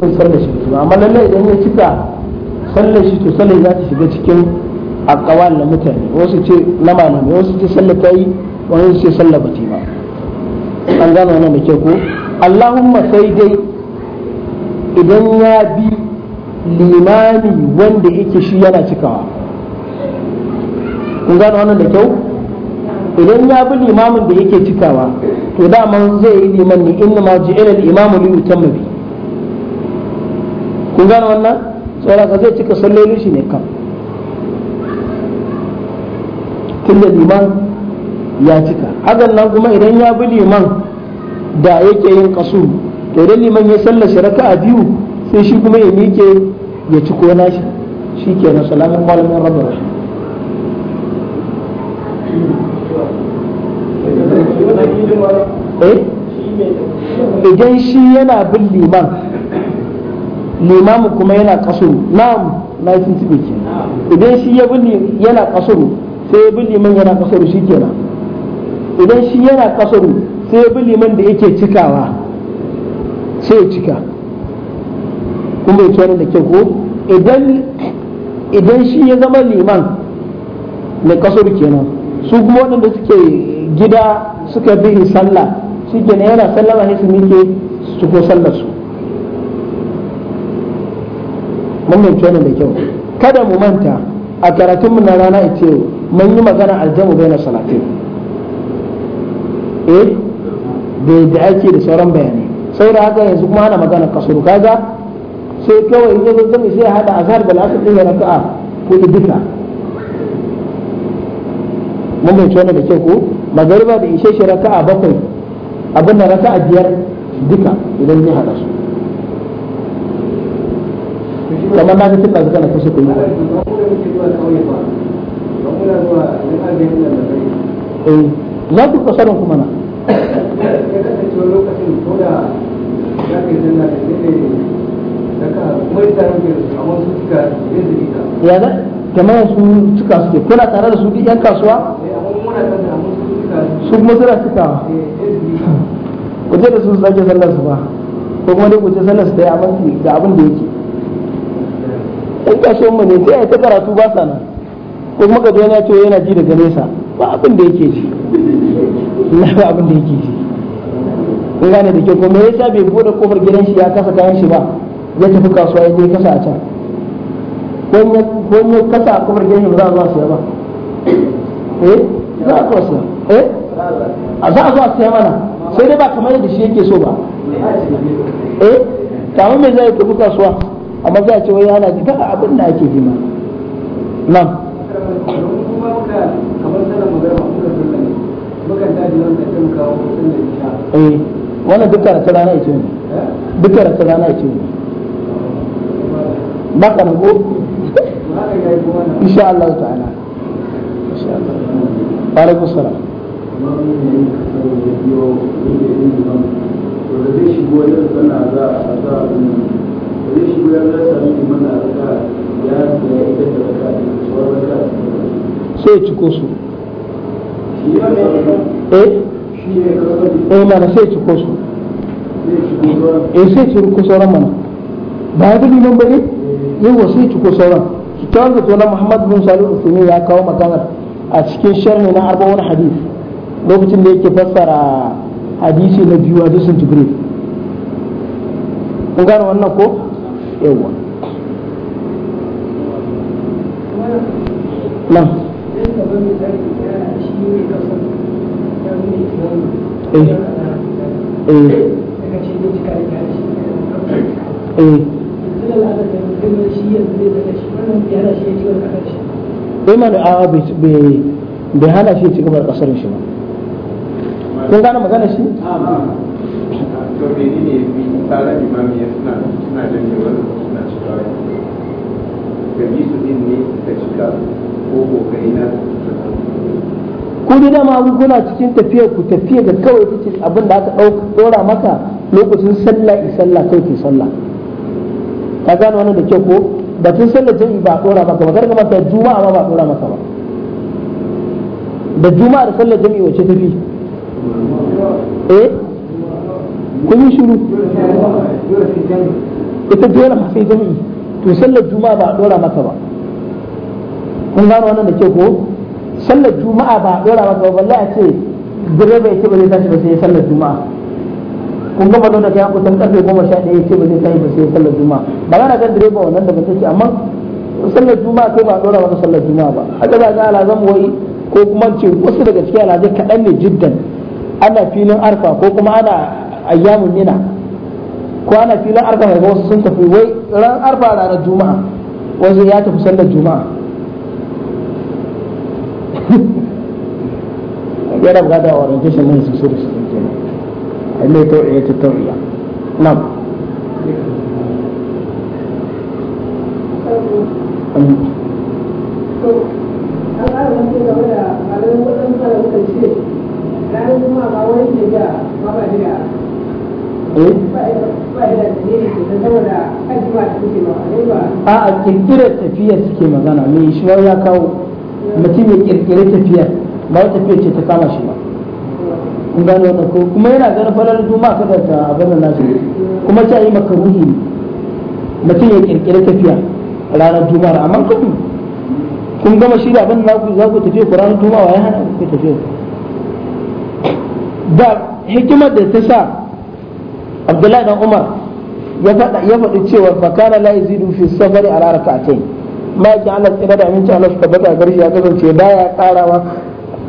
bai sallar shi ba amma lallai idan ya cika sallar shi to sallar za ta shiga cikin akawal na mutane wasu ce na ne, wasu ce sallar ta yi wani ce sallar ba ba an gano wannan da ke ko allahumma sai dai idan ya bi limami wanda yake shi yana cikawa kun gano wannan da kyau idan ya bi limamin da yake cikawa to daman zai yi liman ne inna ma ji'ilal imamu li yutamma kun gane wannan ka zai cika sallolin shi ne kan tun da liman ya cika hagan nan kuma idan ya bi liman da yake yin kasu to idan liman ya sallashi raka a biyu sai shi kuma ya mike ya ci kona shi shi ke na salamin malamin rabar shi eh? idan shi yana bin liman limamu kuma yana kasuru na'am na yi tuntube ke idan shi ya bin yana kasuru sai ya bin liman yana kasuru shi kenan idan shi yana kasuru sai ya bin liman da yake cikawa sai ya cika kun bai kenan da ke ko idan shi ya zama liman na kasuru kenan su kuma waɗanda suke gida suka bi sallah shi kenan yana sallama ne su mike su ko sallar su wannan yanke da kyau kada mu manta a karatun mu na rana ita yau mun yi magana aljamu bai na salatin eh da yadda ake da sauran bayanai da haka yanzu kuma ana magana kasuru kaga sai kawai in yanzu zai sai hada azhar da lafi din raka'a ko duka mun bai wannan da kyau ko magariba da ishe shi raka'a bakwai abin da raka'a biyar duka idan zai hada su kamar na ga tun su kana kusa kuyi eh za ku kasarin kuma na ya da kamar su cika suke kuna tare da su bi yan kasuwa su kuma suna cika ku je da su sake sallar su ba ko kuma dai ku je sallar su ta yi abin da yake in ka mu ne sai ya ta karatu ba sa nan ko kuma ka yana ce yana ji daga nesa ba abin da yake ji ba abin da yake ji in gane da kyau kuma yasa bai bude kofar gidan shi ya kasa kayan shi ba ya tafi kasuwa ya je kasa a can ko ya kasa a kofar gidan shi ba za a zuwa siya ba eh za a zuwa siya eh a za a zuwa siya mana sai dai ba kamar da shi yake so ba eh kamar me zai tafi kasuwa amma za a ce wai ya hana ka abin da ake jima nan eh, wannan duk karatu rana ya ce ne duk karatu rana ya ce ne ba ka insha Allah ta'ala ne zai yadda za a sai ya ciko su eh? eh mana sai ya ciko su eh sai ya ciko sauran mana ba ya gudu nan bane yawa sai ya ciko sauran kitabun da tona muhammad bin salihu tuni ya kawo maganar a cikin sharhi na arba'un hadith lokacin da yake fassara hadisi na biyu a dusun jibril kun gane wannan ko yawa na eh. Eh. Eh. eh mana a bai hana shi ci gaba da kasar shi ba kun gane magana shi? misalan imami ya suna suna janye wani suna cika ka bi su din ne ka cika ko ko ka da na ku da dama kuna cikin tafiyar ku tafiya da kawai cikin abin da aka ɗora maka lokacin sallah sallah kai ke sallah ka gane wannan da kyau ko batun sallar jami'i ba ɗora maka ba karka maka juma'a ma ba ɗora maka ba da juma'a da sallar jami'i wace tafi eh kun yi shiru ita dole fa sai jami'i to sallar juma'a ba a dora maka ba kun gano wannan da ke ko sallar juma'a ba a dora maka ba balle a ce direba ya ce ba zai tashi ba sai sallar juma'a kun ga malon da kai kusan karfe goma sha ɗaya ya ce ba zai tashi ba sai sallar juma'a ba za na gan direba wannan da ba ta ce amma sallar juma'a kai ba a dora maka sallar juma'a ba haka za ga alazan wai ko kuma ce wasu daga cikin alazai kaɗan ne jiddan ana filin arfa ko kuma ana ayyamun nina kwana filan arfa ga wasu sun tafi wai ran arfa ranar juma'a wasu ya tafi sallar juma'a ya da bukata a orientation nan su suru su kenan allai tau'iya ya tau'iya na'am na you. Mm. a a kirkirar tafiyar suke magana mai shi ya kawo mutum ya kirkiri tafiyar ba wata tafiyar ce ta kama shi ba kun gano wannan ko kuma yana ganin falar duma kada ta abin nan nashi kuma ta yi maka ruhi mutum ya kirkiri tafiya ranar juma'ar amma kun kun gama shi da abin da za ku tafi ku ranar wa ya hana ku tafiya da hikimar da ta sa Abdullahi dan Umar ya faɗa ya faɗi cewa fa kana la yazidu fi safari ala rak'atayn ma ki Allah tsira da aminci Allah su tabbata garshi ya kasance baya karawa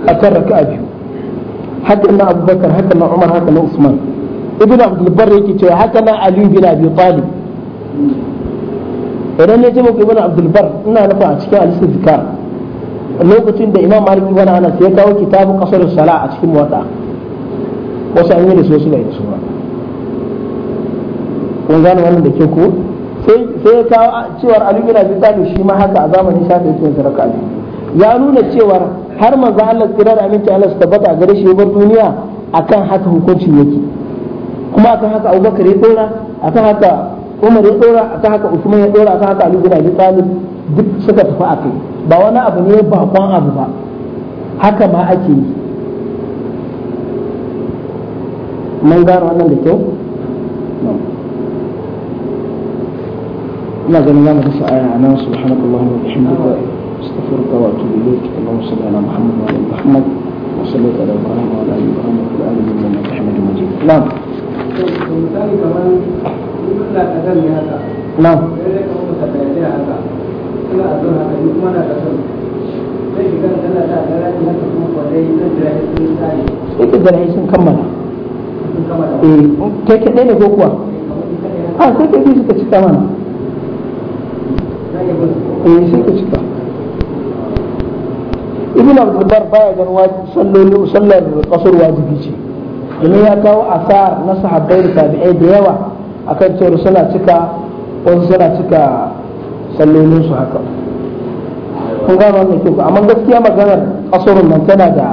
akan raka biyu haka na Abubakar haka na Umar haka na Usman Ibnu Abdul Barr yake cewa haka na Ali bin Abi Talib idan ne ce muku ibn Abdul Barr ina nufa a cikin al-Siddiqar lokacin da Imam Malik ibn Anas ya kawo kitabu qasr as-sala a cikin muwatta wasu an yi da su su da su ba kun gane wannan da ke ko sai ya kawo cewar Ali bin Abi Talib shi ma haka a zamanin shafi yake sadaka Ali ya nuna cewar har manzo Allah tsira da aminci Allah su tabbata gare shi bar duniya akan haka hukuncin yake kuma akan haka Abubakar ya dora akan haka Umar ya dora akan haka Usman ya dora akan haka Ali bin Abi Talib duk suka tafi akai ba wani abu ne bakon abu ba haka ma ake yi mun gano wannan da kyau لا ده نظام رفع أنا سبحانك اللهم وبحمدك استغفرك واتوب إليك اللهم صل على محمد وعلى آل محمد وصليت على إبراهيم وعلى آل إبراهيم وفي العالمين إنك حميد مجيد نعم نعم ita da rai sun kammala eh kai kaɗai ne ko kuwa a sai kai suka cika mana eh sai ka cika ibn abdulbar baya gan sallolin sallar kasar wajibi ce domin ya kawo asar na sahabbai da tabi'ai da yawa a kan cewa suna cika wasu suna cika sallolin su haka kun gano wannan kyau amma gaskiya maganar kasarun nan tana da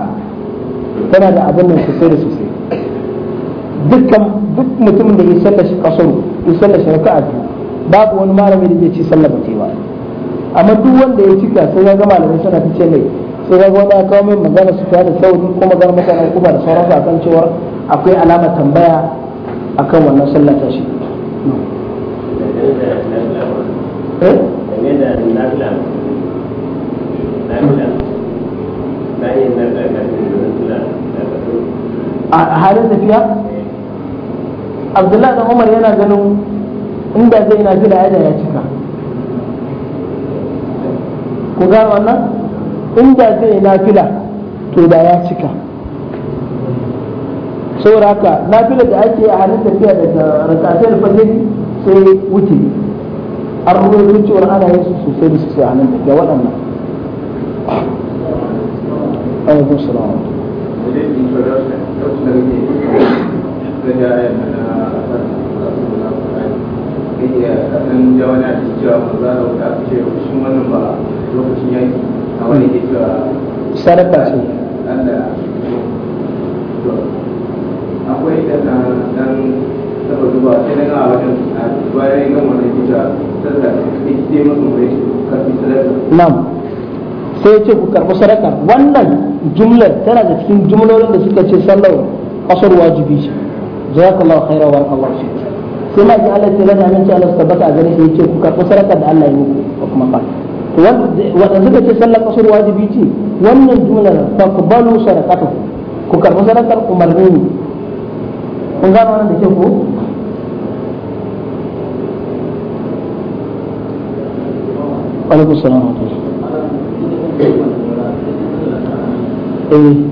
tana da abin nan sosai da sosai dukkan duk mutum da ya sallar shi kasuru ya sallar raka'a biyu babu wani malami da ke ci sallah ba ba amma duk wanda ya cika sai ya ga malamin suna ta ce sai ya ga wani aka mai magana su ta da sauri ko magana mutane kuma da sauransu akan cewa akwai alama tambaya akan wannan sallah ta shi eh? a halin tafiya abdullahi da umar yana ganin inda zai na fila ya ya cika ku gano wannan inda zai na fila to da ya cika saboda haka na fi da ake a halin tafiya daga rakatar fajiri sai wuce an rubuta cewar ana yin sosai da sosai a nan tafiya waɗannan alaikum salam iya cewa ba za a wuta ce shi wannan ba lokacin a wani ke cewa ce da akwai da dan saba zuba sai na ga wajen a bayan ke cewa ce karfi na'am sai ya ce ku karɓi sadaka wannan jumlar tana da cikin jumlolin da suka ce sallar asar wajibi ce jazakallahu khairan wa barakallahu sai ma ji Allah tsira da aminci Allah su tabbata a gare shi yace ku karɓi sarakar da Allah ya muku kuma fa wanda suka ce sallar kasar wajibi ce wannan jumlar faqbalu sarakatu ku karɓi sarakar umarni ne kun gano wannan da ke ko alaikum salam wa rahmatullahi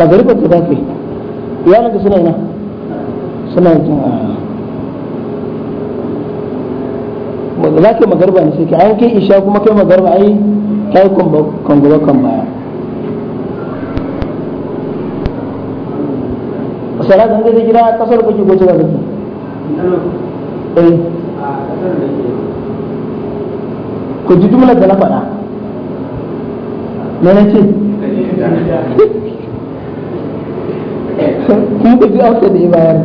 magariba ta zafi iyalanka suna ina suna jin ah. za ka magariba ne sai ka an kai isha kuma kai magariba ai kai kwangwaba kan baya sara da zai gida kasar kuke ko cewa kuke eh ku ji jumlar da na faɗa na ce kuma ka biya amsa da ya bayar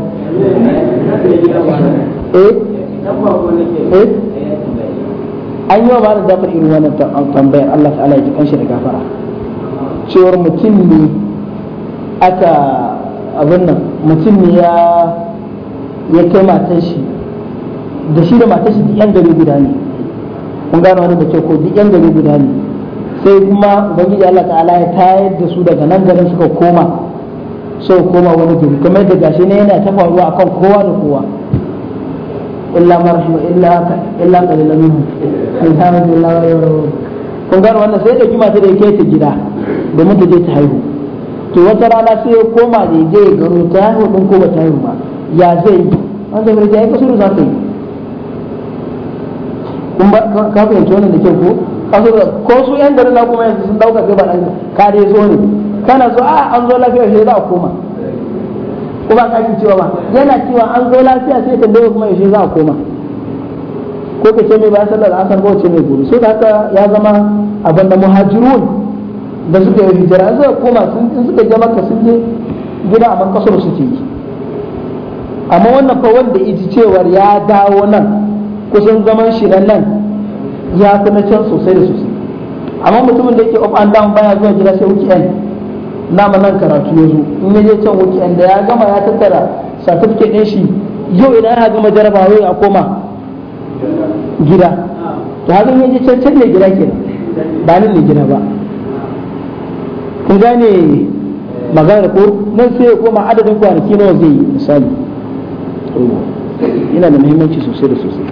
an yi wa ba da zafar irin wannan tambayar Allah ta'ala ya ji kanshi da gafara cewar mutum ne aka abin nan mutum ne ya ya kai matan shi da shi da matan shi duk yan gari guda ne kun gano wani da kyau ko duk yan gari guda ne sai kuma ubangiji Allah ta'ala ya tayar da su daga nan garin suka koma Sau koma wani kamar da gashi ne yana ta faruwa akan kowa da kowa illa illa illa alhamdulillah kun gano wannan sai da kima ta da yake ta gida domin ta je ta haihu to wata rana sai ya koma je ya gano ta haihu din ko ba ta haihu ba ya zai za ta yi kun ba ka fahimci wannan da kyau ko ko su yan garin na kuma yanzu sun dauka sai ba zo ne kana zo a ah, an zo lafiya shi za a koma ko ba ka cewa ba yana cewa an zo lafiya sai dawo kuma shi za a koma ko ka ce mai ba sallar asar ko ce mai gobe sai da haka ya zama abin da muhajirun da suka yi hijira zai koma sun suka je maka sun je gida a su ke yi amma wannan fa wanda iji cewar ya dawo nan kusan zaman shi nan nan ya fi na can sosai da sosai amma mutumin da yake up and down baya zuwa gida sai wuki nama nan karatu ya zo in ya je can wuki da ya gama ya tattara certificate ɗin shi yau idan ya gama jarabawa ya koma gida to haka in ya je can can ne gida ke ba nan ne gida ba kun gane magana ko nan sai ya koma adadin kwanaki nawa zai yi misali yana da muhimmanci sosai da sosai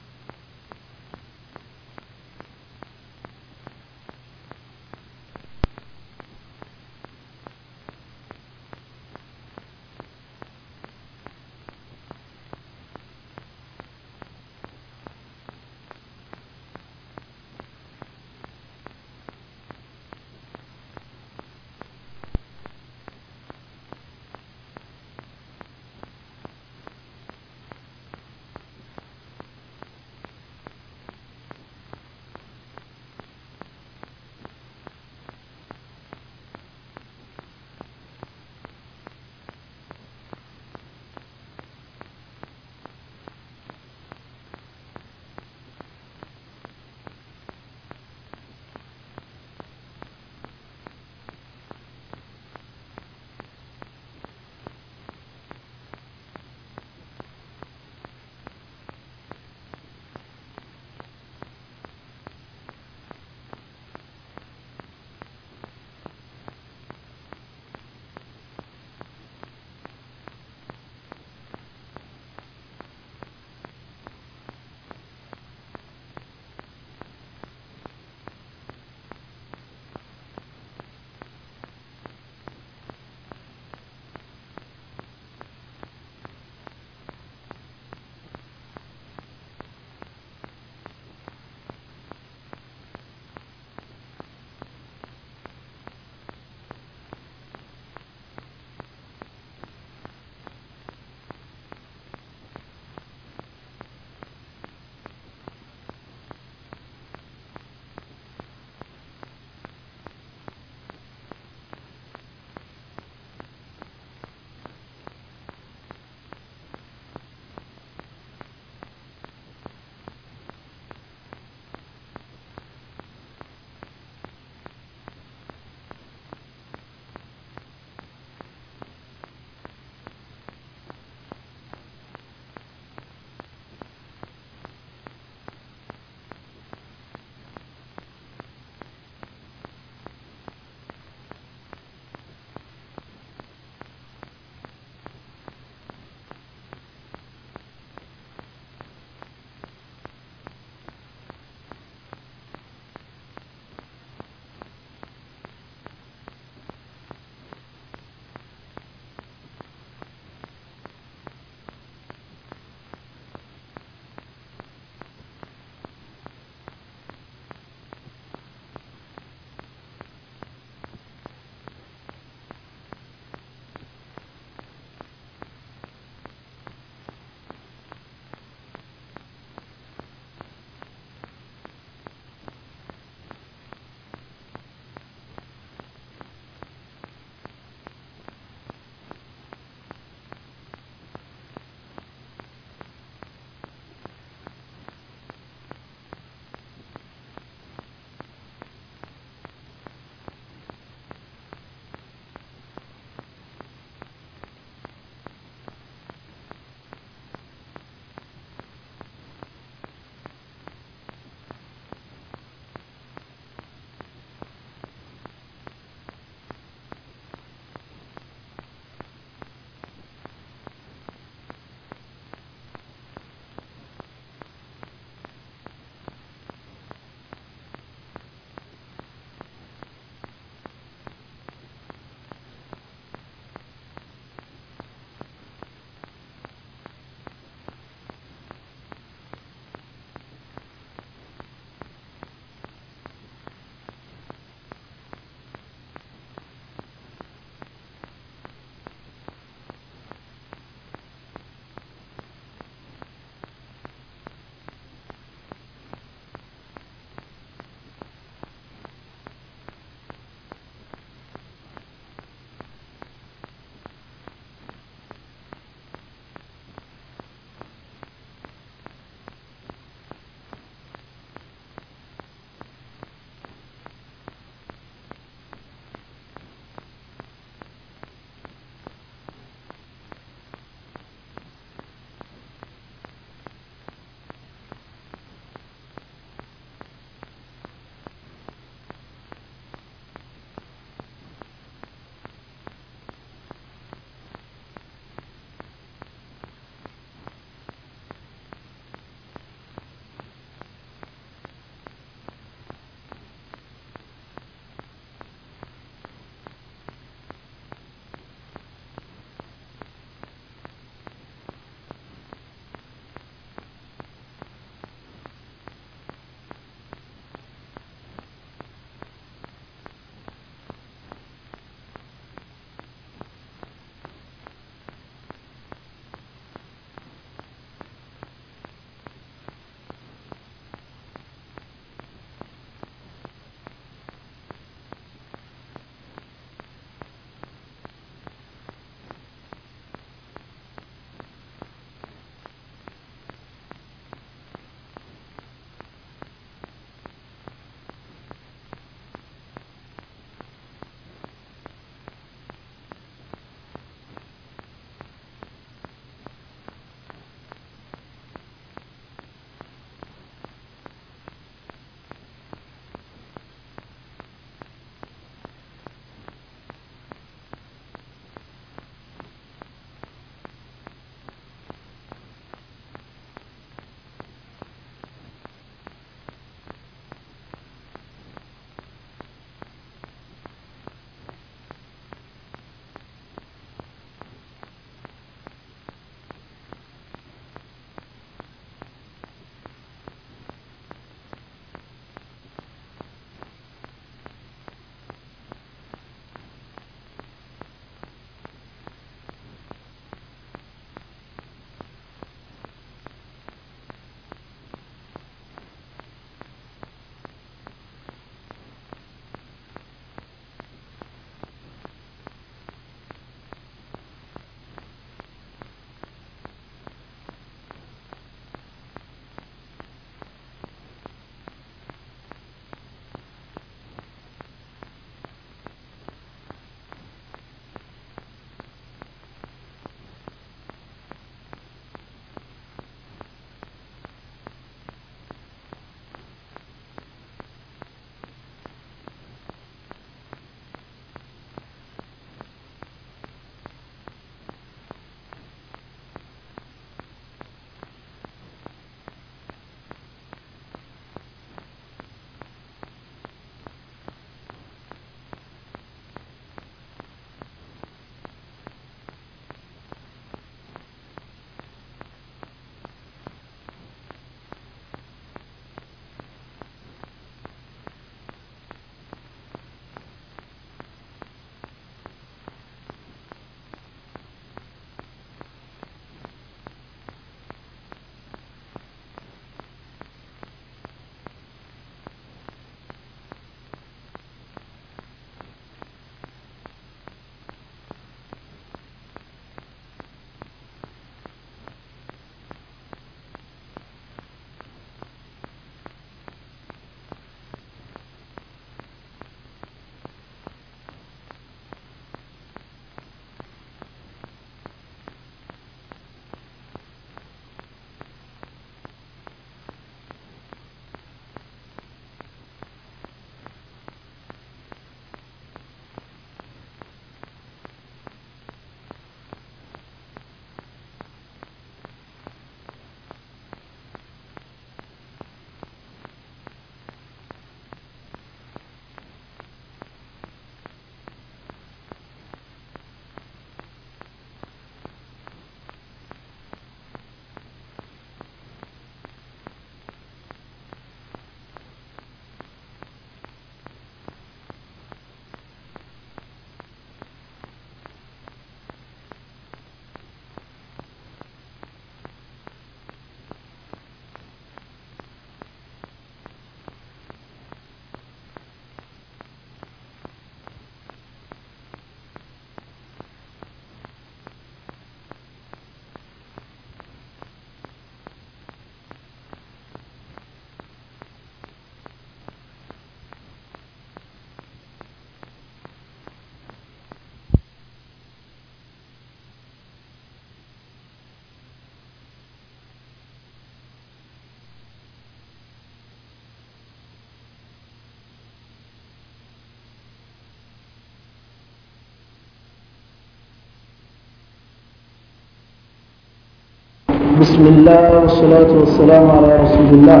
بسم الله والصلاة والسلام على رسول الله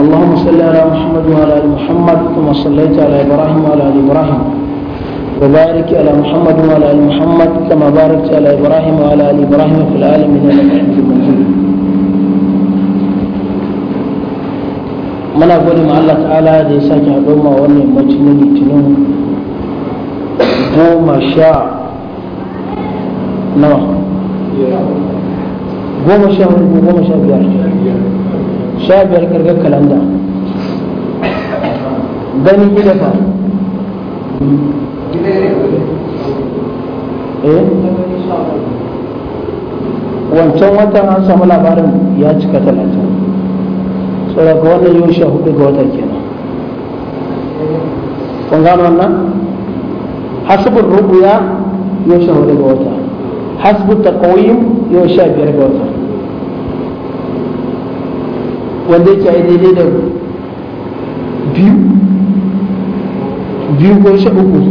اللهم صل على محمد وعلى آل محمد كما صليت على إبراهيم وعلى آل إبراهيم وبارك على محمد وعلى آل محمد كما باركت على إبراهيم وعلى آل إبراهيم في العالمين إنك حميد مجيد muna gode ma Allah ta'ala da ya sake haɗo ma wannan yammacin na litinin goma sha nawa goma sha hudu goma sha biyar sha biyar kirgar kalanda gani gida fa eh? wancan watan an samu labarin ya cika talatin saboda wannan yau sha hudu ga watan kenan kun gano wannan hasibin rubuya yau sha hudu ga wata حسب التقويم يشاب يرقوز وديك عيدي ليدو بيو بيو قوش أقوز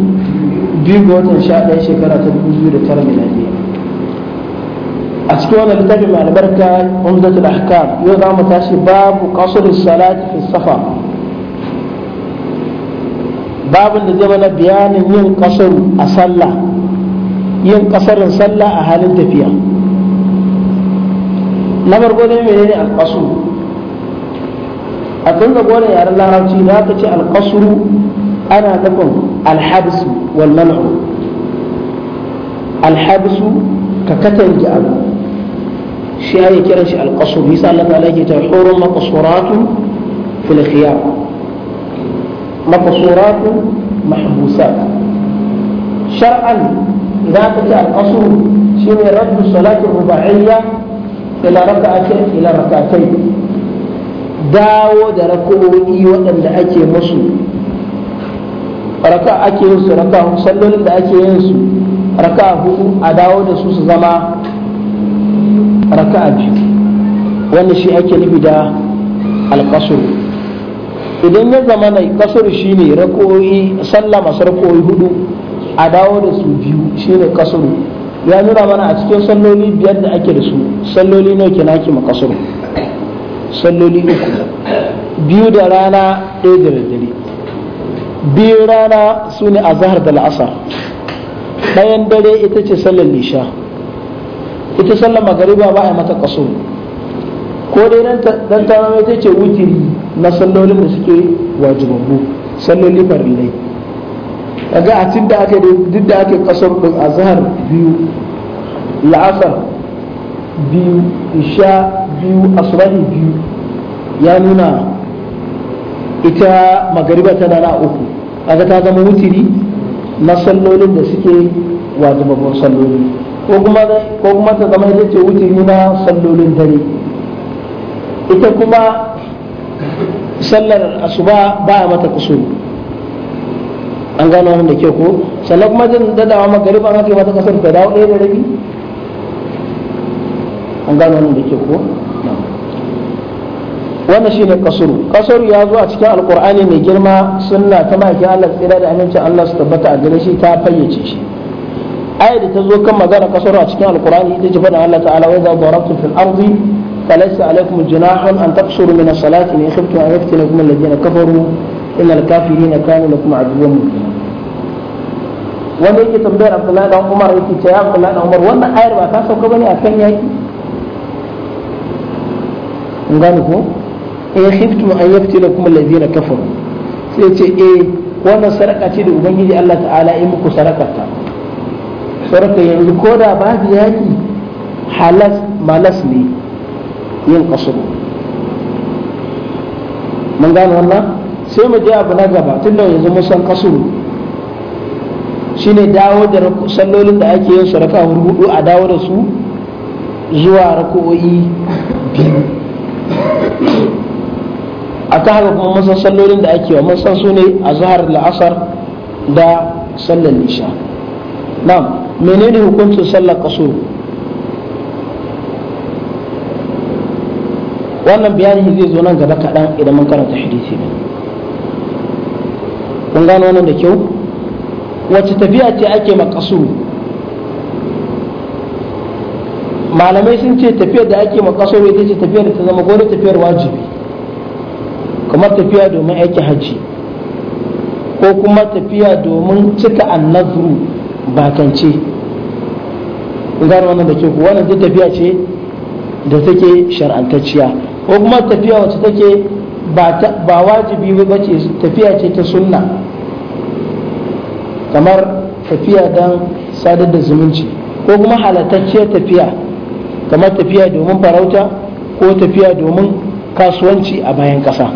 بيو قوز إن شاء الله شكرا تدبوزو لترى من هذه أتكون التجمع البركة عمدة الأحكام يوضع متاشي باب قصر الصلاة في الصفا باب الذي يمنى بيان من قصر أصلى yin kasarin sallah a halin tafiya na farko dai mene ne alƙasuru a kan gaba da yaren larabci za ka ce alƙasuru ana nufin alhabisu wal man'u alhabisu ka katange abu shi ya kiran shi alƙasuru yasa Allah ta'ala ke ta hurun maqsuratu fil khiyar maqsuratu mahbusat shar'an إذا أتت القصر شيء رد الصلاة الرباعية إلى ركعتين إلى ركعتين dawo da rakowoyi waɗanda ake musu ake yin su raka da ake yin su a dawo da su su zama raka biyu wannan shi ake nufi da alkasur idan ya zama mai kasur shine ne rakowoyi sallah a dawo da su biyu shine kasuru ya nuna mana a cikin salloli biyar da ake da su salloli nawa kenan ma kasuru salloli uku biyu da rana ɗaya da daddare biyu rana su ne a zahar da la'asar ɗayan dare ita ce sallar nisha ita sallar magariba ba a yi mata kasuru ko dai dan ta ita ce wutiri na sallolin da suke wajibabbu salloli farillai kaga a cikin da ake duk da ake kasar din azhar biyu la'asar biyu isha biyu asrani biyu ya nuna ita magariba ta na uku kaga ta zama wutiri na sallolin da suke wajibabban salloli ko kuma ta zama ita ce wutiri na sallolin dare ita kuma sallar asuba ba mata kusuri an gano wannan da ke ko sannan kuma zan dadawa magariba an haka mata kasar ta dawo ɗaya da rabi an gano wannan da ke ko wannan shi ne kasuru kasuru ya zo a cikin alkur'ani mai girma sunna ta maki allah tsira da amincin allah su tabbata a gare shi ta fayyace shi ayar da ta zo kan magana kasuru a cikin alkur'ani ita ce faɗin allah ta'ala wai za darabtum fil ardi فليس عليكم جناح أن تقصروا من الصلاة إن خفتم أن يفتنكم الذين كفروا إن الكافرين كانوا لكم عدوا مبينا wanda yake tambayar Abdullahi dan Umar yake cewa Abdullahi dan Umar wannan ayar ba ta sauka bane akan yaki kun gane ko eh khiftum an yaftinakum alladhina kafaru sai ce eh wannan saraka ce da ubangiji Allah ta'ala ya muku sarakarta saraka yanzu ko da babu yaki halas malas ne yin kasuru mun gane wannan sai mu je abu na gaba da yanzu musan san shine dawo da sallolin da ake yin su raka hudu a dawo da su zuwa rako'o'i biyu a ta haka kuma mun sallolin da ake wa mun san su ne a zahar la'asar da sallar nisha na'am menene hukuncin sallar kasuru wannan bayani zai zo nan gaba kaɗan idan mun karanta hadisi ne kun gano wannan da kyau wacce tafiya ce ake makasuru malamai sun ce tafiyar da ake makasuru ita ce tafiyar da ta zama gore tafiyar wajibi kamar tafiya domin aiki hajji ko kuma tafiya domin cika annazuru bakance kun gano wannan da kyau wannan duk tafiya ce da take shar'antacciya ko kuma tafiya wacce take ba wajibi ba ce tafiya ce ta sunna kamar tafiya don sadar da zumunci ko kuma halattacciyar tafiya kamar tafiya domin farauta ko tafiya domin kasuwanci a bayan kasa?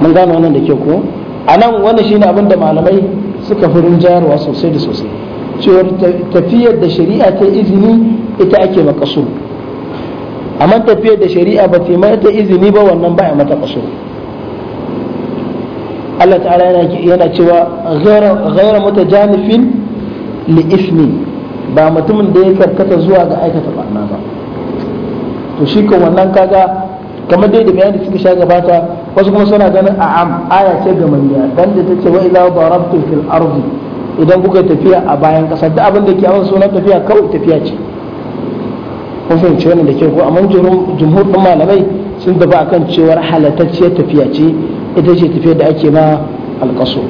mun gano wannan da ke ko a nan wannan shine abin da malamai suka fi rinjayarwa sosai da sosai cewar tafiyar da shari'a ta izini ita ake makasu amma tafiya da shari'a ba ta mata izini ba wannan ba a mata kaso Allah ta'ala yana cewa ghaira mutajanifin li ismi ba mutumin da ya karkata zuwa ga aikata barna ba to shi kan wannan kaga kamar dai da bayani da suka sha gabata wasu kuma suna ganin a'am aya ce ga manya dan da tace wa idza darabtu fil ardi idan kuka tafiya a bayan kasa da abin da ke awon sunan tafiya kawai tafiya ce kun fahimci wannan da ke ko amma jumhur din malamai sun daba kan cewar halatacciyar tafiya ce ita ce tafiya da ake ma alƙaso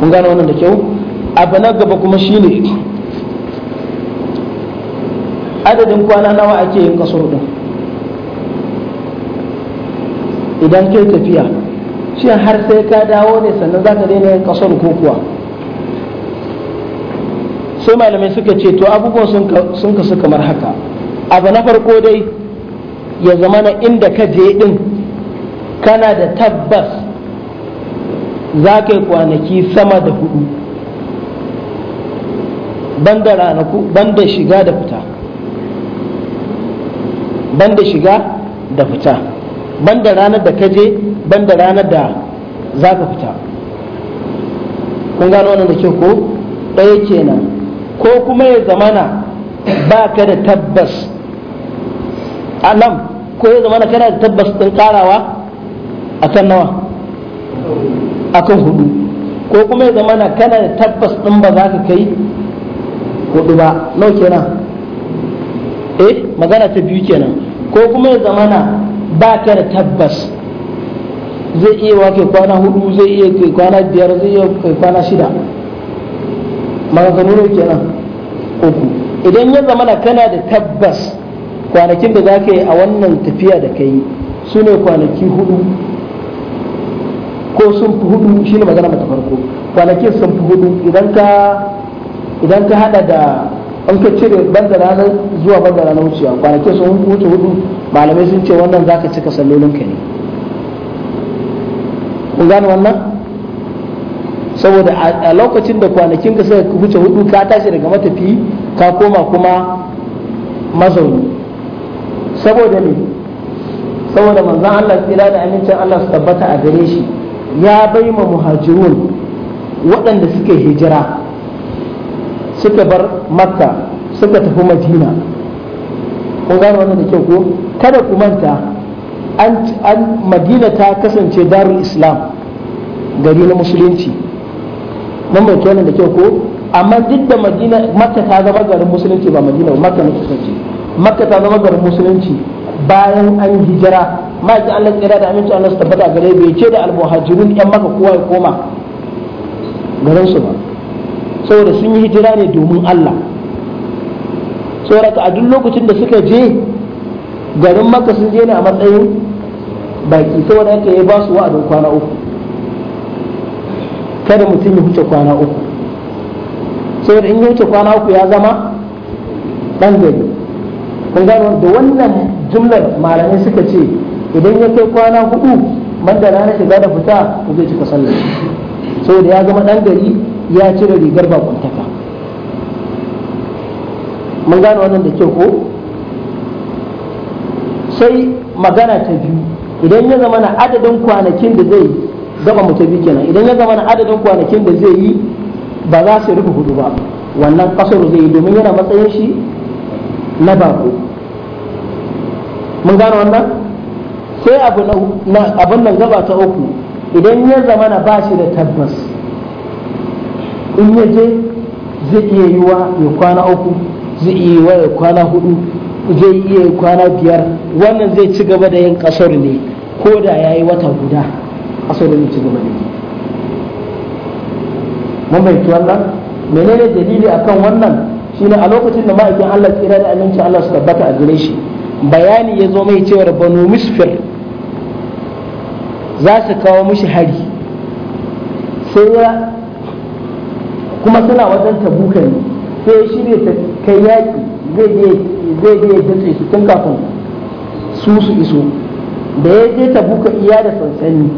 kun gane wannan da kyau abu na gaba kuma shine adadin kwana nawa ake yin kasar din idan kai tafiya shi har sai ka dawo ne sannan za ka daina yin kasar ko kuwa sai malamai suka ce to abubuwan sun kasu kamar haka abu na farko dai ya zama na inda ka je din kana da tabbas za ka yi kwanaki sama da hudu banda ranaku banda shiga da fita banda shiga da fita banda ranar da ka je banda ranar da za ka fita kun gano wannan da ke ko ɗaya kenan ko kuma ya zamana ba ka da tabbas a nan ko ya zamana kana da tabbas ɗin karawa a kan nawa a kan hudu ko kuma ya zamana kana da tabbas ɗin ba za ka kai hudu ba nau kenan eh magana ta biyu kenan ko kuma ya zamana ba ka da tabbas zai iya wa kai kwana hudu zai iya kai kwana biyar zai iya kai kwana shida maganganu ne nan uku idan ya zama kana da tabbas kwanakin da za ka yi a wannan tafiya da ka yi su ne kwanaki hudu ko sun fi hudu shi ne magana mata farko kwanakin sun fi hudu idan ka hada da an ka cire banda ranar zuwa banda ranar wuciya kwanakin sun wuce hudu malamai sun ce wannan za ka cika sallolinka ka ne kun gane wannan saboda a lokacin da kwanakin ka suka huce hudu ka tashi daga matafi ka koma kuma mazauni saboda ne saboda manzon Allah tsira da amincin Allah su tabbata a gare shi ya bai ma muhajirun waɗanda suka hijira suka bar makka suka tafi madina kun gano wannan da kyau ko kada ku manta an madina ta kasance darul islam gari na musulunci mun bai wannan da kyau ko amma duk da madina makka ta zama garin musulunci ba madina ba makka musulunci makka ta zama garin musulunci bayan an hijira ma'aikin Allah tsira da aminci Allah su tabbata gare bai ce da almuhajirun yan maka kowa ya koma garin su ba saboda sun yi hijira ne domin Allah saboda a duk lokacin da suka je garin makka sun je ne a matsayin baki saboda yake ya ba su wa'adin kwana uku kada mutum ya huce kwana uku saboda in ya huce kwana uku ya zama ɗan gari kun gano da wannan jumlar malamai suka ce idan ya kai kwana hudu banda rana shiga da fita ko zai cika sallar saboda ya zama ɗan gari ya cire rigar kuntaka mun gano wannan da kyau ko sai magana ta biyu idan ya zama na adadin kwanakin da zai gaba mu ta biyu kenan idan ya zama na adadin kwanakin da zai yi ba za su rufe hudu ba wannan kasar zai yi domin yana matsayin shi na bako mun gano wannan sai abin nan gaba ta uku idan ya zama na ba shi da tabbas in ya je zai iya yiwa ya kwana uku zai iya yiwa ya kwana hudu zai iya yi kwana biyar wannan zai ci gaba da yin kasar ne ko da ya yi wata guda asalin ci gaba da yi mun ki wannan menene dalili akan wannan shine a lokacin da ma'aikin Allah tsira da aminci Allah su tabbata a gare shi bayani ya zo mai cewar banu misfir za su kawo mishi hari sai ya kuma suna wajen tabuka ne sai ya shirya ta kai yaƙi zai je ya dace su tun kafin su su iso da ya je tabuka iya da sansani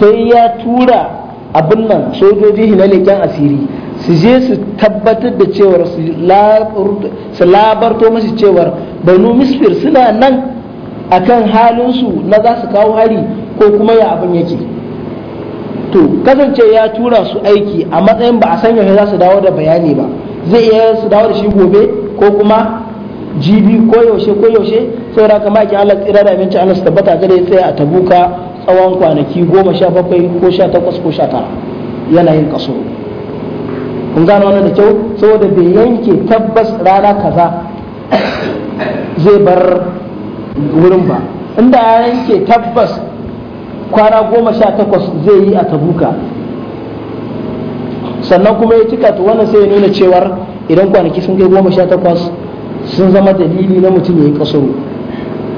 sai ya tura abin nan sojoji hilalikin asiri su je su tabbatar da cewar su labarto masu cewar banu misfir suna nan akan halinsu na za su kawo hari ko kuma ya abin yake to kasance ya tura su aiki a matsayin ba a san yaushe za su dawo da bayani ba zai iya su dawo da shi gobe ko kuma jibi ko yaushe ko yaushe saboda kamar ake Allah tsira abinci Allah su tabbata gare ya tsaya a tabuka tsawon kwanaki goma sha bakwai ko sha takwas ko sha tara yana yin kaso kun gano wannan da kyau saboda bai yanke tabbas rana kaza zai bar wurin ba inda ya yanke tabbas kwana goma sha takwas zai yi a tabuka sannan kuma ya cika to wannan sai ya nuna cewar idan kwanaki sun kai goma sha takwas sun zama dalili na mutum ya yi kasoro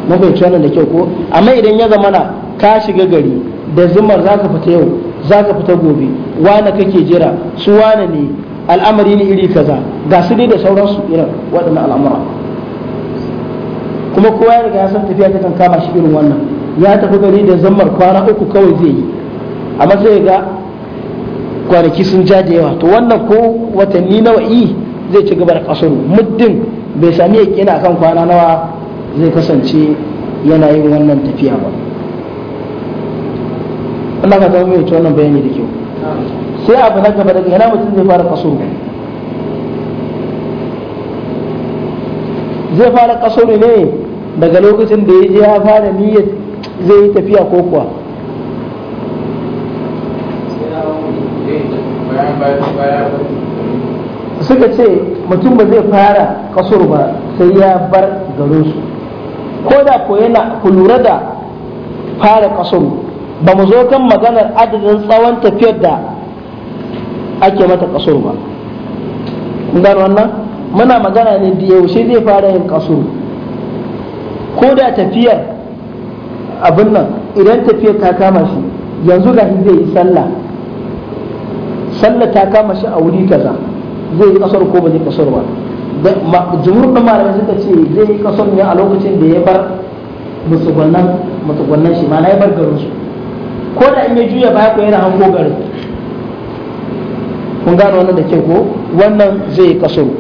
mafi wannan da kyau ko amma idan ya zama na ka shiga gari da zumar za ka fita yau za ka fita gobe wane kake jira su wane ne al'amari ne iri kaza ga su dai da sauransu irin waɗannan al'amura kuma kowa ya riga ya san tafiya takan kama shi irin wannan ya tafi gari da zumar kwana uku kawai zai yi A sai ga kwanaki sun ja da yawa to wannan ko watanni nawa yi zai ci gaba da kasuru muddin bai sami yaƙina akan kwana nawa zai kasance yana yin wannan tafiya ba Allah ka zama mai wannan bayani da kyau sai abu na gaba daga yana mutum zai fara kaso zai fara kaso ne daga lokacin da ya je ya fara niyyar zai yi tafiya ko kuwa suka ce mutum ba zai fara kaso ba sai ya bar garinsu ko da ko yana ku lura da fara kasuru ba mu zo kan maganar adadin tsawon tafiyar da ake mata kasur ba gano wannan muna magana ne da yaushe zai fara yin kasur ko da tafiyar abin nan idan tafiyar ta kama shi yanzu ga zai yi sallah sallah ta kama shi a wuri kaza zai yi kasar ko ba zai kasar ba jumhur da malamai suka ce zai yi kasar ne a lokacin da ya bar musugunan shi ma na ya bar garin su ko da in ya juya baya ko yana hango garin kun gano wannan da ke ko wannan zai kasuru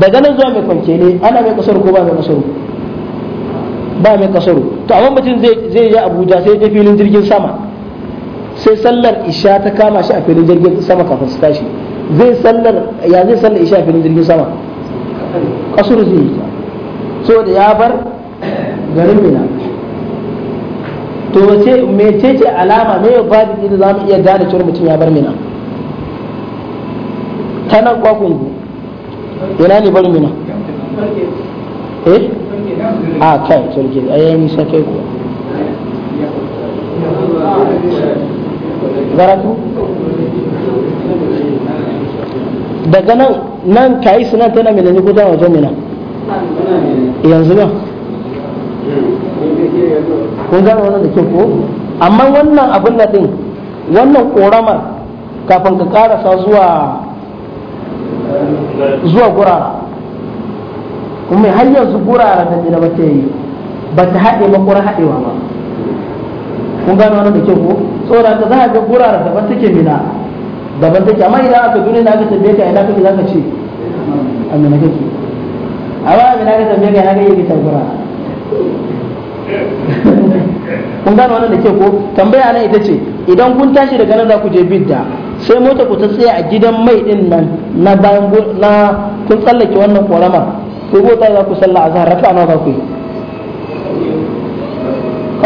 daga nan zuwa mai kwanke ne ana mai kasuru ko ba mai kasuru ba mai kasuru to amma mutum zai je abuja sai je filin jirgin sama sai sallar isha ta kama shi a filin jirgin sama kafin su tashi zai sallar ya zai sallar isha a filin jirgin sama kasuru zai yi saboda ya bar garin mina to wace mece ce alama me babu idan za mu iya gane cewar mutum ya bar mina ta nan ku yana ne bar mina eh a ah, kai sarki a yayin nisa kai kuwa garatu daga nan nan kayi suna tana mina ne ko ta wajen mina yanzu ba kun gane wannan da kyau ko amma wannan abin na din wannan ƙoramar kafin ka karasa zuwa zuwa gurara kuma har yanzu gurara ta jina ba ta yi ba ta haɗe makwar haɗewa ba kun gane wannan da kyau ko tso ka za a ga gurara daban take mina daban take amma idan aka duniya na aka tambaye ka ina kake za ka ce amina kake amma amina ka tambaye ka ina kake ta gurara kun gano wannan da ke ko tambaya nan ita ce idan kun tashi daga nan za ku je bidda sai mota ku ta tsaya a gidan mai din nan na bayan na kun tsallake wannan korama ko ko ta za ku sallah a raka'a nawa za ku yi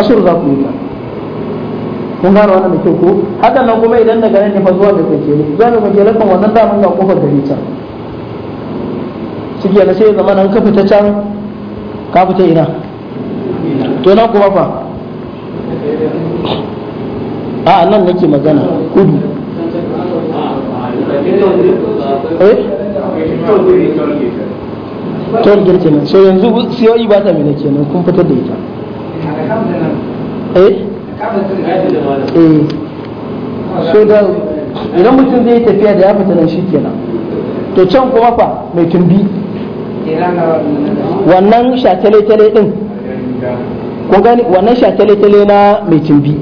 kasur za ku yi kun gano wannan da ke ko hakan nan kuma idan daga nan ne fa zuwa da kace ne zuwa da kace lakan wannan da mun ga kofar gari can shi ke sai zaman an ka fita can ka fita ina to na kuma fa a nan nake magana kudu eh girki nan so yanzu siyoyi e ba ta mina kenan kun fitar da ita eh, eh. so da idan mutum zai tafiya da ya fita nan shi kenan to can kuma fa mai tumbi wannan shatale-tale din kun gani wannan shatale-tale na mai tumbi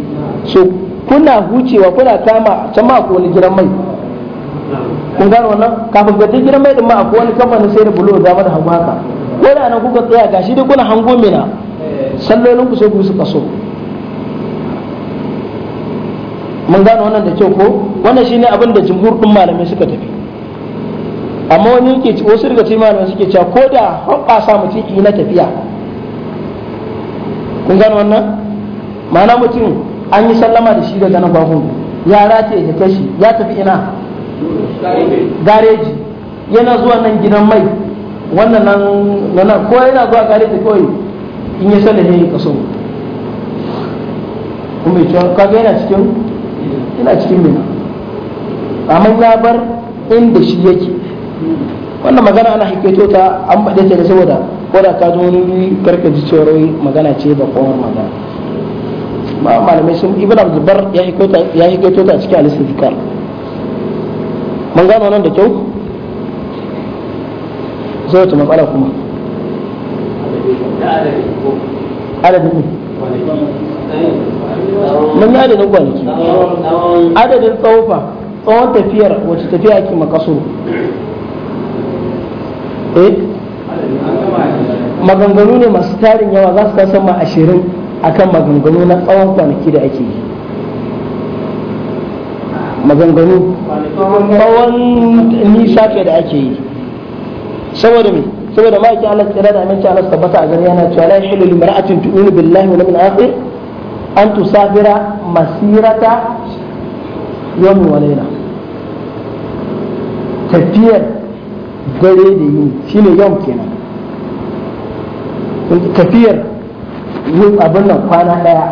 so kuna hucewa kuna kama can ma akwai wani gidan mai kun gani wannan kafin gajen gidan mai din ma akwai wani kamfanin sai da bulo da da hango haka ko da nan kuka tsaya gashi dai kuna hango mina sallolin ku sai ku su kaso mun gano wannan da kyau ko wannan shine abin da jumhur din malamai suka tafi amma wani yake wasu daga cikin malamai suke cewa ko da hoɓɓasa mutum na tafiya kun gano wannan ma'ana mutum an yi sallama da shi daga nan bahu ya rataye da kashi ya tafi ina gareji yana zuwa nan gidan mai wannan nan nan ko yana zuwa gareji kawai in ya sallame ya kaso kuma ya kaga yana cikin yana cikin mina amma ya bar inda shi yake wannan magana ana hikaito ta an faɗe ta da saboda ko da ka zo wani karka ji cewar magana ce ba kowar magana ma malamai sun ibn abdulbar ya yi kaito ta cikin zikar mun gano nan da kyau zai wata matsala kuma adadin mun yi adadin kwanaki adadin tsawofa tsawon tafiyar wacce tafiya ake makasuru eh maganganu ne masu tarin yawa za su ta sama ashirin akan maganganu na tsawon kwanaki da ake yi maganganu tsawon nisa ke da ake yi saboda me saboda ma'aiki Allah tsira da aminci Allah tabbata a gari yana cewa la yahillu li mar'atin tu'minu billahi wal yawmil akhir an tusafira masirata yawm wa layla tafiyar gare da yini shine yawm kenan tafiyar yin abin nan kwana daya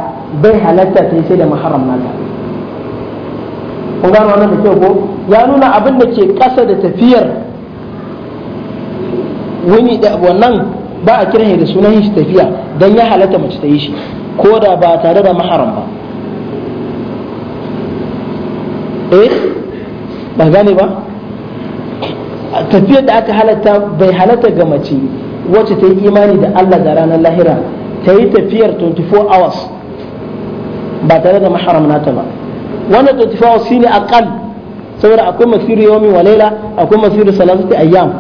bai halatta ta sai da maharam nata kun gano wannan da kyau ko ya nuna abin da ke ƙasa da tafiyar wani da wannan ba a kiran da sunan shi tafiya don ya halatta mace ta yi shi ko da ba tare da maharam ba eh ba gane ba tafiyar da aka halatta bai halatta ga mace wacce ta yi imani da Allah da ranar lahira ta yi tafiyar 24 hours ba tare da maharam nata ba wannan 24 hours ne akal saboda akwai masiru yawmi wa laila akwai masiru salatu ayyam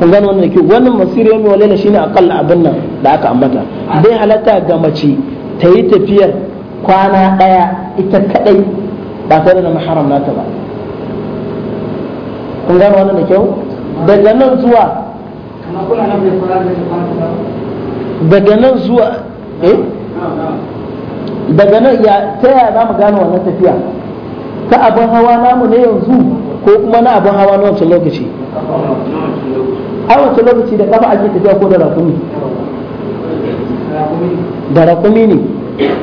kun gano wannan ke wannan masiru yawmi wa laila shine akal abin nan da aka ambata dai halatta ga mace ta yi tafiyar kwana daya ita kadai ba tare da maharam nata ba kun gano wannan da kyau daga nan zuwa daga nan zuwa eh daga nan ya ta yaya za mu gane wannan tafiya ta abin hawa namu ne yanzu ko kuma na abin hawa na wancan lokaci a wancan lokaci da kafa ake tafiya ko da rakumi da rakumi ne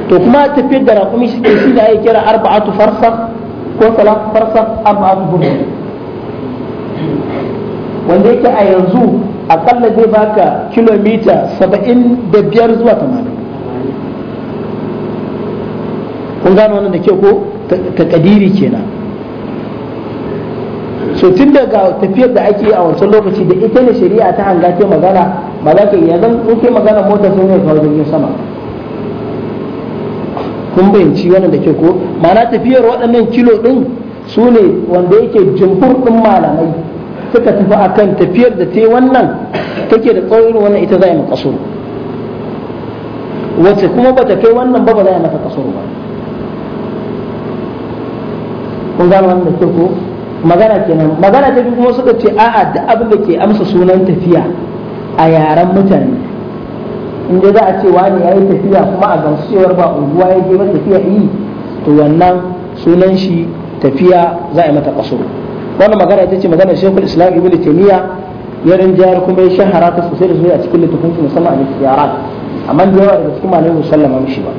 to kuma tafiyar da rakumi shi shi da ya kira arba'atu farsakh ko salatu farsakh amma abu wanda yake a yanzu akalla zai baka kilomita saba'in da biyar zuwa tamanin kun gano wannan da ke ko ta kadiri kenan so tun daga tafiyar da ake a wancan lokaci da ita ne shari'a ta hanga ke magana ba za ka iya zan kuke magana mota sun yi kawo jirgin sama kun bayanci wannan da ke ko ma'ana tafiyar waɗannan kilo ɗin su ne wanda yake jimfur ɗin malamai suka tafi akan tafiyar da ta wannan take da tsawon wannan ita za a yi makasuru wacce kuma ba ta kai wannan ba ba za a yi mata kasuru ba kun gano wannan da ke ko magana kenan magana ta kuma suka ce a'a da abin da ke amsa sunan tafiya a yaren mutane inda za a ce wani ya yi tafiya kuma a gamsuwar ba unguwa ya je ba tafiya yi to wannan sunan shi tafiya za a yi mata kasuru wannan magana ita ce maganar shekul islam ibn taymiya ya rinjayar kuma ya shahara ta sosai da sosai a cikin littafin su musamman a yara amma da yawa daga cikin malamin musallama mishi ba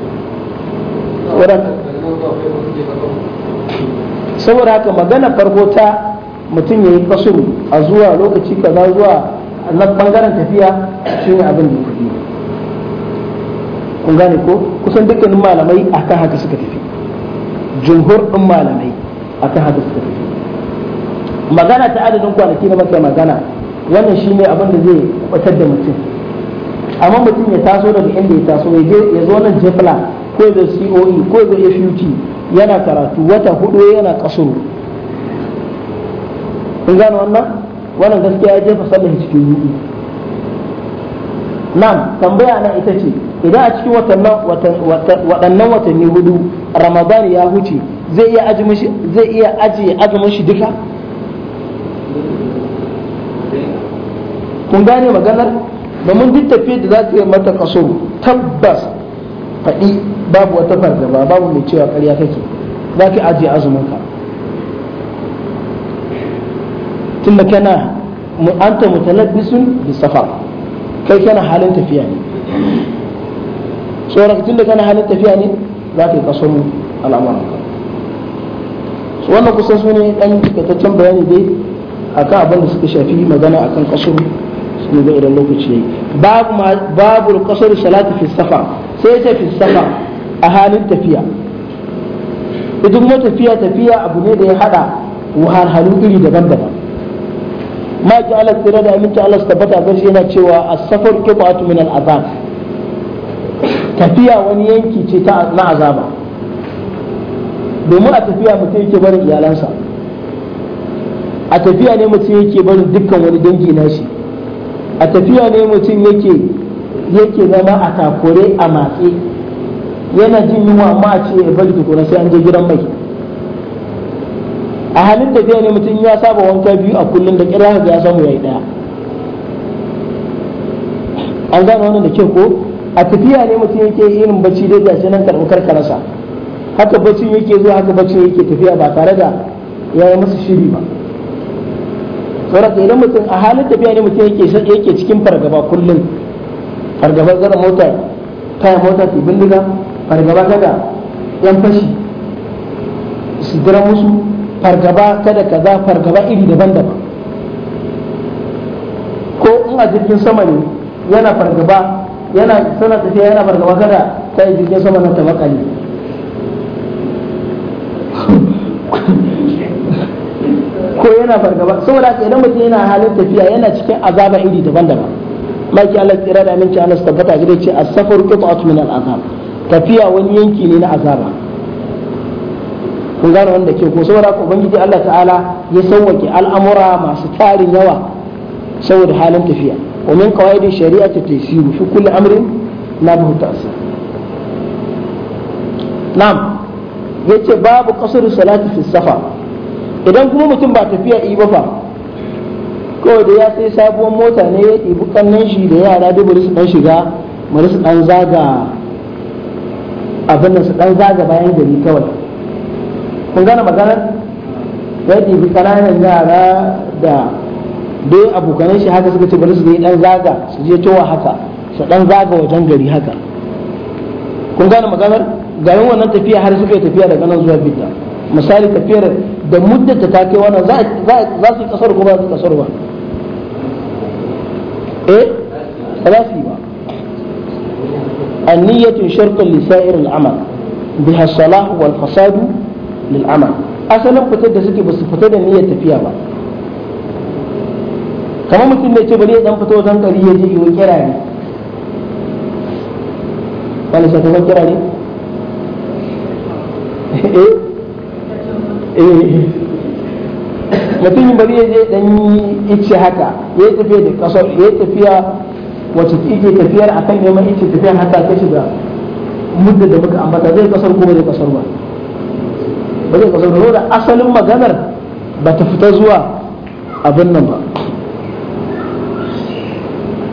saboda haka magana farko ta mutum ya yi kasuru a zuwa lokaci kaza zuwa na bangaren tafiya shi ne abin da kuɗi kun gane ko kusan dukkanin malamai akan haka suka tafi jumhur ɗin malamai akan haka suka tafi magana ta adadin kwanaki na muke magana wannan shi ne abin da zai kwatar da mutum amma mutum ya taso daga inda ya taso ya zo nan jefla ko da coe ko da fut yana karatu wata hudu yana kasuru in gano wannan wannan gaskiya ya jefa sallah cikin hudu nan tambaya na ita ce idan a cikin waɗannan watanni hudu ramadan ya huce zai iya ajiye azumin shi duka kun gane maganar domin duk tafiye da za ta yi mata kaso tabbas faɗi babu wata fargaba babu mai cewa ƙarya kake za ka ajiye azumin ka tun da kana mutanen bisun da safa kai kana halin tafiya ne tsoron tun da kana halin tafiya ne za ka yi kaso al'amuran ka wannan kusan su ne ɗan takaitaccen bayani dai akan abin da suka shafi magana akan kasuru sun zai idan lokaci babu babu kasar salati fi safa sai ta fi safa a halin tafiya idan mu tafiya tafiya abu ne da ya hada wahalhalu iri daban-daban ma ji Allah tsira da aminci Allah su tabbata gashi yana cewa as-safar kibatu min al-azab tafiya wani yanki ce ta na azaba domin a tafiya mutum yake barin iyalansa a tafiya ne mutum yake barin dukkan wani dangi na shi a tafiya ne mutum yake zama a takure a matse yana jin yunwa amma a ce ya bari tukuna sai an je gidan mai a halin tafiya ne mutum ya saba wanka biyu a kullum da kira ya samu ya yi daya an gano wannan da ke ko a tafiya ne mutum yake irin bacci dai gashi nan karɓar karkararsa haka bacci yake zuwa haka bacci yake tafiya ba tare da ya yi masa shiri ba saboda idan mutum a halin tafiya ne mutum yake yake cikin fargaba kullum fargaba zara mota kayan mota ta bindiga fargaba kada yan fashi su dira musu fargaba kada kaza fargaba iri daban-daban ko in a jirgin sama ne yana fargaba yana sana tafiya yana fargaba kada ta yi jirgin sama na ta makale ko yana fargaba saboda haka idan mutum yana halin tafiya yana cikin azaba iri daban-daban maki Allah tsira da aminci Allah su tabbata gida ce as-safar qit'atun min al tafiya wani yanki ne na azaba kun gane wanda ke ko saboda haka ubangiji Allah ta'ala ya sauwake al'amura masu tarin yawa saboda halin tafiya wa min qawaidi shari'ati taysiru fi kulli amrin la bihi ta'sir na'am yace babu qasr salati fi idan kuma mutum ba tafiya yi ba fa kawai da ya sai sabuwar mota ne ya ɗibi kannan shi da yara duk bari su ɗan shiga bari su ɗan zaga abin su ɗan zaga bayan gari kawai kun gane maganar ya ɗibi ƙananan yara da dai abokanan shi haka suka ce bari su yi ɗan zaga su je towa haka su ɗan zaga wajen gari haka kun gane maganar garin wannan tafiya har suka yi tafiya daga nan zuwa bidda misali tafiyar da muddata ta take wannan za su yi kasar ko ba su kasar ba eh ba za su yi ba النية شرط لسائر العمل بها الصلاح والفساد للعمل أصلا فتد سكي fita da النية tafiya ba. kamar mutum ne ce bari ya dan fito wajen gari ya je yi kira ne wani sakamakon kira ne eh Eh, mutum bari ya je dan yi ice haka ya tafiya da kasar ya tafiya wacce ke tafiyar akan neman ice tafiya haka ta shiga muddin da muka ambata zai kasar ko zai kasar ba ba zai kasar ba da asalin maganar ba ta fita zuwa abin nan ba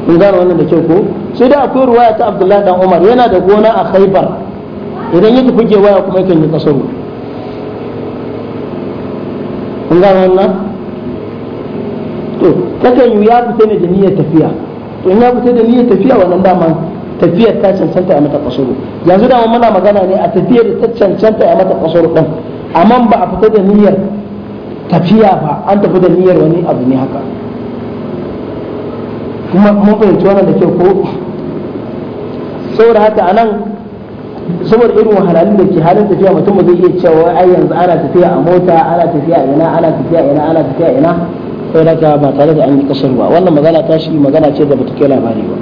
in gane wannan da kyau ko sai da akwai ruwaya ta abdullahi dan umar yana da gona a khaibar idan ya tafi gewaya kuma yakan yi kasar kun gane wannan to takan yi ya fita ne da niyyar tafiya to in ya fita da niyyar tafiya wannan dama tafiyar ta cancanta a mata kasoro yanzu da muna magana ne a tafiyar da ta cancanta a mata kasoro din amma ba a fita da niyyar tafiya ba an tafi da niyyar wani abu ne haka kuma mun fahimci wannan da ke ko saboda haka anan saboda irin wahalhalun da ke halin tafiya mutum zai iya cewa ai yanzu ana tafiya a mota ana tafiya ina ana tafiya ina ana tafiya ina sai daga ba tare da an yi kasar ba wannan magana ta shi magana ce da bata kai labari ba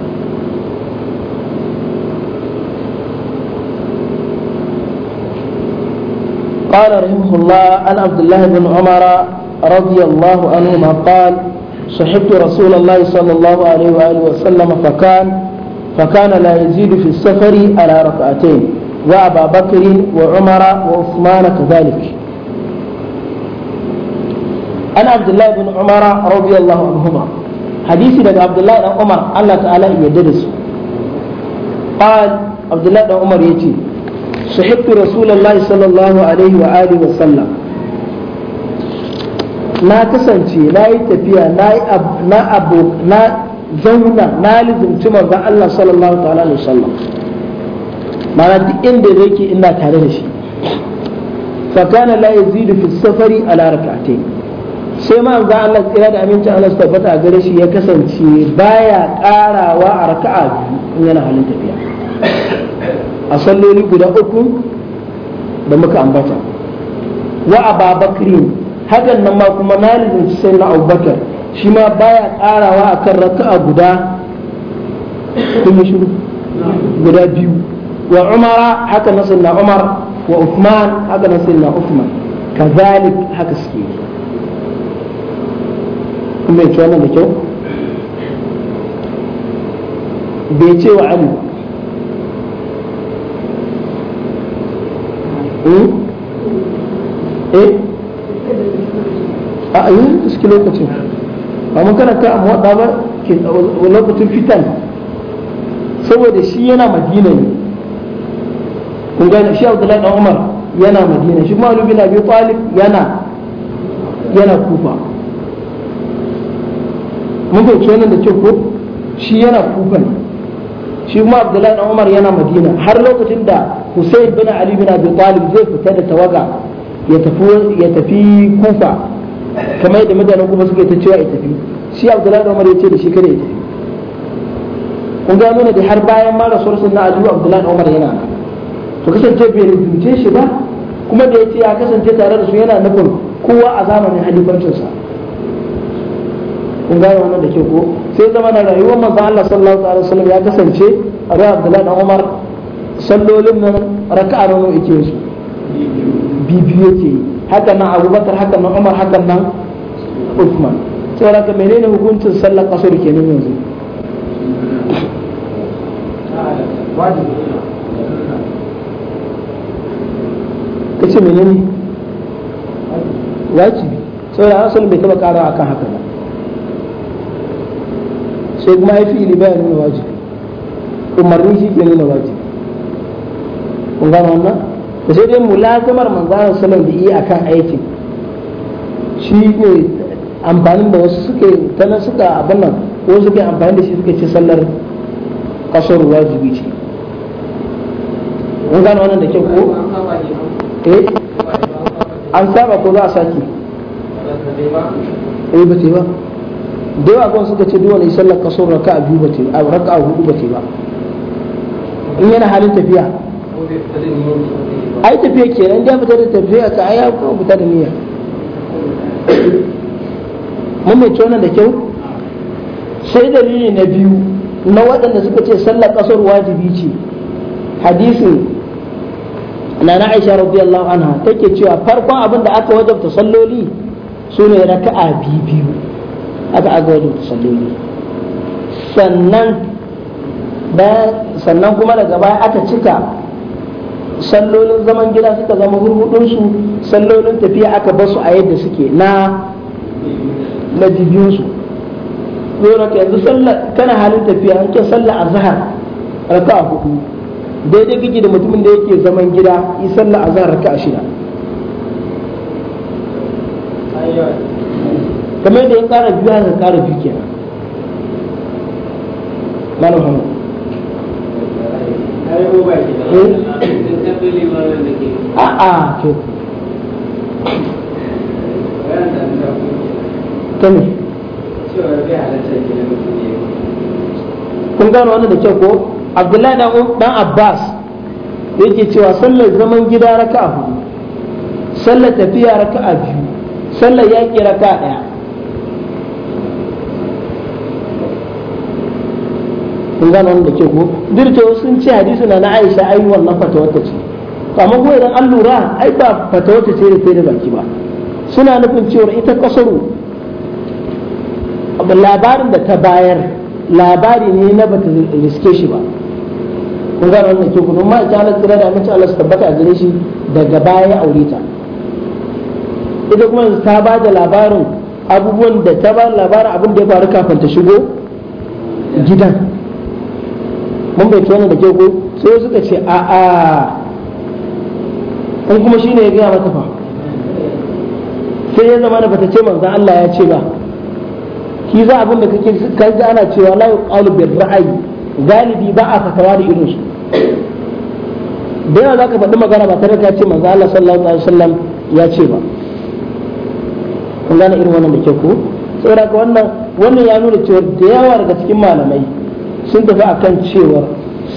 قال رحمه الله عن عبد الله بن عمر رضي الله عنهما قال صحبت رسول الله صلى الله عليه وآله وسلم فكان فكان لا يزيد في السفر على ركعتين وأبا بكر وعمر وعثمان كذلك أنا عبد الله بن عمر رضي الله عنهما حديثي لك عبد الله بن عمر الله تعالى يدرس قال عبد الله بن عمر يتي صحبت رسول الله صلى الله عليه وآله وسلم na kasance na yi tafiya na abu na zauna na lizimci manzon Allah sallallahu ta'ala alaihi wasallam mana duk inda ke ina tare da shi fakana la yazidu fi safari ala rak'atayn sai ma ga Allah tsira da amincin Allah tabbata a gare shi ya kasance baya karawa a raka'a in yana halin tafiya a salloli guda uku da muka ambata wa ababakrin hakan nan ma kuma malikin sai na abubakar shi ma baya karawa akan raka'a guda kuma shiru guda biyu wa umara haka na sunna umar wa uthman haka na sunna uthman kazalik haka suke kuma ya wannan da kyau bai ce wa ali hmm? eh? a yi ba mun lokacin fitan saboda shi yana madina ne kun gane shi Abdullahi dan Umar yana Madina shi Malik bin Abi Talib yana yana Kufa mun ga kenan da ce ko shi yana Kufa shi ma Abdullahi dan Umar yana Madina har lokacin da Husayn bin Ali bin Abi Talib zai fita da tawaga ya tafi ya tafi Kufa kamar yadda mutanen Kufa suke ta cewa ya tafi shi Abdullahi dan Umar ya ce da shi kada ya tafi kun ga nuna da har bayan ma rasuwar sunna Abu Abdullahi dan Umar yana nan ba kasance bai rubuce shi ba kuma da yace ya kasance tare da su yana nufin kowa a zamanin halifancinsa kun gane wannan da ke ko sai zama na rayuwar manzon Allah sallallahu alaihi wasallam ya kasance Abu Abdullah da Umar sallolin nan raka'a nan yake su bibi yake haka nan Abubakar haka nan Umar haka nan Uthman sai ka menene hukuncin sallar kasar kenan yanzu kace menene wajibi saboda asali bai taba kara akan haka ba sai kuma ya fi'ili baya nuna wajibi umarni shi ke nuna wajibi kun gano wannan da sai dai mulazamar manzanar salon da iya akan aikin shi ne amfanin da wasu suke tana suka abin nan ko suke amfani da shi suke ci sallar kasar wajibi ce kun gano wannan da kyau ko eh an saba ko za a sake eh ba ba da yawa gwan suka ce duk wani sallar kaso raka a biyu ba ce a raka a hudu ba ce ba in yana halin tafiya ai tafiya ke nan ya fitar da tafiya ka ai ya fitar da niyya mun mai tona da kyau sai dalili na biyu na waɗanda suka ce sallar kasar wajibi ce hadisin na aisha radiyallahu anha take cewa farkon abin da aka wajabta salloli su ne raka'a biyu aka aka wajabta salloli sannan sannan kuma daga baya aka cika sallolin zaman gida suka zama hurhudunsu sallolin tafiya aka su a yadda suke na na bibiyunsu yanzu kana halin tafiya an ke sallar azhar raka'a hudu daidai kake da mutumin da yake zaman gida yi sallah raka'a shida kamar da ya kara biyu haka kara biyu kenan malam hamu eh? a'a to ta kun gano wannan da kyau ko abdullahi dan abbas yake cewa sallar zaman gida raka'a hudu sallar tafiya raka'a biyu sallar yaƙi raka'a ɗaya kun nan wanda ke ko dirce sun ce hadisi na na Aisha ai wannan wata ce to amma ko idan an lura ai ba wata ce da ta da baki ba suna nufin cewa ita kasaru labarin da ta bayar labari ne na bata riske shi ba kun gane wannan ke gudun ma Allah tsira da aminci Allah su tabbata a gare shi daga baya ya aure ta ita kuma yanzu ta ba da labarin abubuwan da ta ba labarin abin da ya faru kafin ta shigo gidan mun bai tona da ke ko sai suka ce a a in kuma shi ne ya gaya mata fa sai ya zama da bata ce manzan Allah ya ce ba shi za abin da kake kaji ana cewa la yuqalu bil ra'ayi galibi ba a fatawa da irin shi. da yawa za ka faɗi magana ba tare ka ce manzo Allah sallallahu alaihi wasallam ya ce ba kun gane irin wannan da ke ku? saboda ka wannan wannan ya nuna cewa da yawa daga cikin malamai sun tafi akan cewa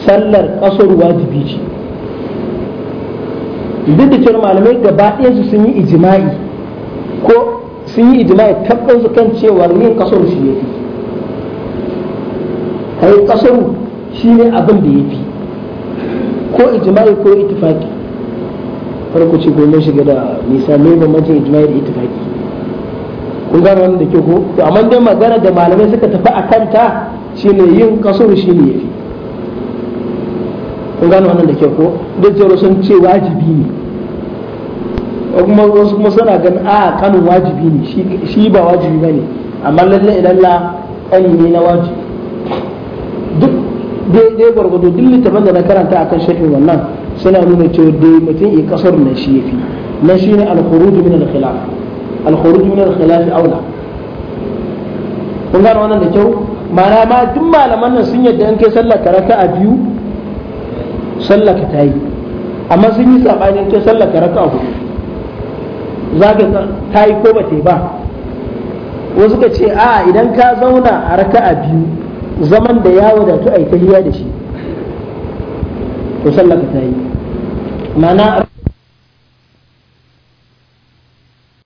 sallar kasar wajibi ce duk da cewa malamai gaba ɗaya su sun yi ijima'i ko sun yi ijima'i tabbatar kan cewa yin kasar shi ne kai shi ne abin da yafi ko ijma'i ko ittifaqi farko ce ko mun shiga da misalai ba mace ijma'i da ittifaqi kun gano wannan da ke ko to amma dai magana da malamai suka tafi kanta shi shine yin ne ya yafi kun gano wannan da ke ko da jaro sun ce wajibi ne kuma wasu kuma suna ganin a kanun wajibi ne shi ba wajibi ba ne amma lallai idan la ƙani ne na wajibi daidai gwargwado duk littafin da na karanta akan shafin wannan suna nuna cewa dai mutum ya kasar na shi ya fi. na shi ne alkhuruji khuruj min al-khilaf al-khuruj min al-khilaf aula kun gano wannan da kyau mana ma duk malaman nan sun yadda an kai sallar ka a biyu sallar ka tayi amma sun yi sabani in kai sallar ka raka'a hudu zaka tayi ko ba ta yi ba wasu ka ce a idan ka zauna a raka'a biyu zaman da ya wadatu a yi tahiya da shi to sallah ta yi ma'ana